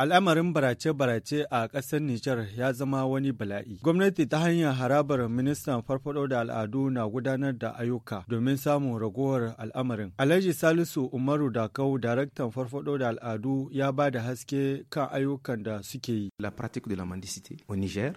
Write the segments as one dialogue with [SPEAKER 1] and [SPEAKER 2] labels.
[SPEAKER 1] Al'amarin barace-barace a ƙasar Nijar ya zama wani bala'i. Gwamnati ta hanyar harabar ministan farfado da al'adu na gudanar da ayyuka domin samun ragowar al'amarin. Alhaji Salisu Umaru Dakau, daraktan farfado da al'adu ya ba da haske
[SPEAKER 2] kan ayyukan da suke yi. Al'amarin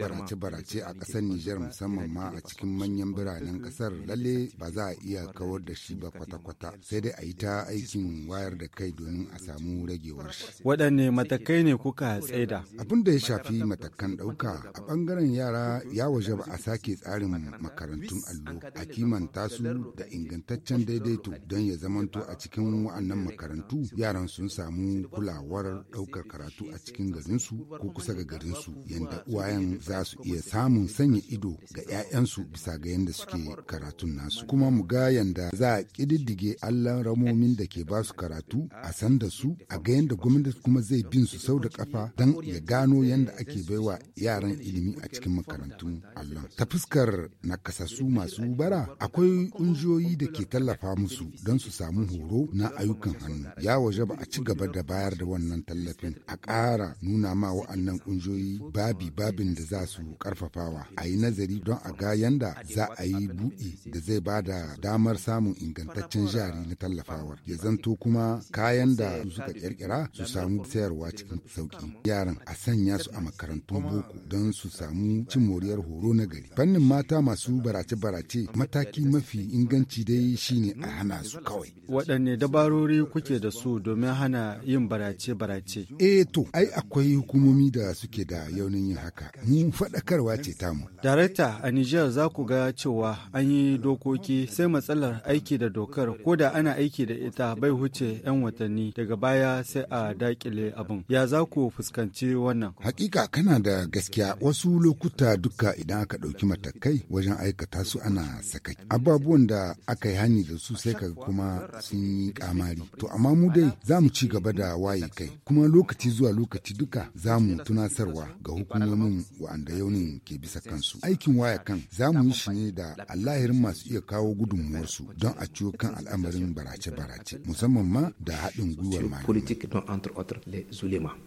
[SPEAKER 2] barace-barace a ƙasar Nijar musamman ma a cikin manyan biranen ƙasar lalle ba za a iya kawar da shi ba kwata-kwata sai dai a yi ta aikin wayar da kai domin a samu ragewar shi. Waɗanne matakai ne kuka tsaida? Abin da ya shafi matakan ɗauka a ɓangaren yara ya waje ba a sake tsarin makarantun allo a kimanta su da ingantaccen daidaito don ya zamanto a cikin wa'annan makarantu yaran sun samu kulawar ɗaukar karatu a cikin garinsu ko kusa ga garinsu yadda uwayen za su iya samun sanya ido ga 'ya'yansu bisa ga yadda suke karatun nasu kuma mu ga yadda za a ƙididdige allan ramomin da ke ba su karatu a san da su a ga yadda gwamnati kuma zai bin su sau da kafa don ya gano yadda ake baiwa yaran ilimi a cikin makarantun allon ta fuskar nakasassu masu bara akwai ƙungiyoyi da ke tallafa musu don su samu horo na ayyukan hannu ya waje ba a ci gaba da bayar da wannan tallafin a ƙara nuna ma wa'annan ƙungiyoyi babi babin da za su ƙarfafawa a yi nazari don a ga yanda za a yi buɗi da zai ba da damar samun ingantaccen jari na tallafawar ya zanto kuma kayan da suka ƙirƙira su samu sayar koyarwa cikin sauki yaran a sanya su a makarantun boko don su samu cin moriyar horo na gari fannin mata masu barace-barace mataki mafi inganci dai shine a hana su
[SPEAKER 1] kawai waɗanne dabarori kuke da su domin hana yin barace-barace
[SPEAKER 2] eh to ai akwai hukumomi da suke da yaunin yin haka mu faɗakarwa ce mu.
[SPEAKER 1] darakta a Nijar za ku ga cewa an yi dokoki sai matsalar aiki da dokar ko da ana aiki da ita bai huce 'yan watanni daga baya sai a dakile abin ya
[SPEAKER 2] za ku fuskanci wannan hakika kana da gaskiya wasu lokuta duka idan aka ɗauki matakai wajen aikata su ana sakai ababuwan da aka yi hani da su sai kaga kuma sun yi kamari to amma mu dai za mu ci gaba da waye kai kuma lokaci zuwa lokaci duka za mu tunasarwa ga hukumomin wa'anda yaunin ke bisa kansu aikin waya kan za mu yi shi ne da allahirin masu iya kawo gudunmuwarsu don a ciwo kan al'amarin barace-barace musamman ma da haɗin gwiwar mali Zulema.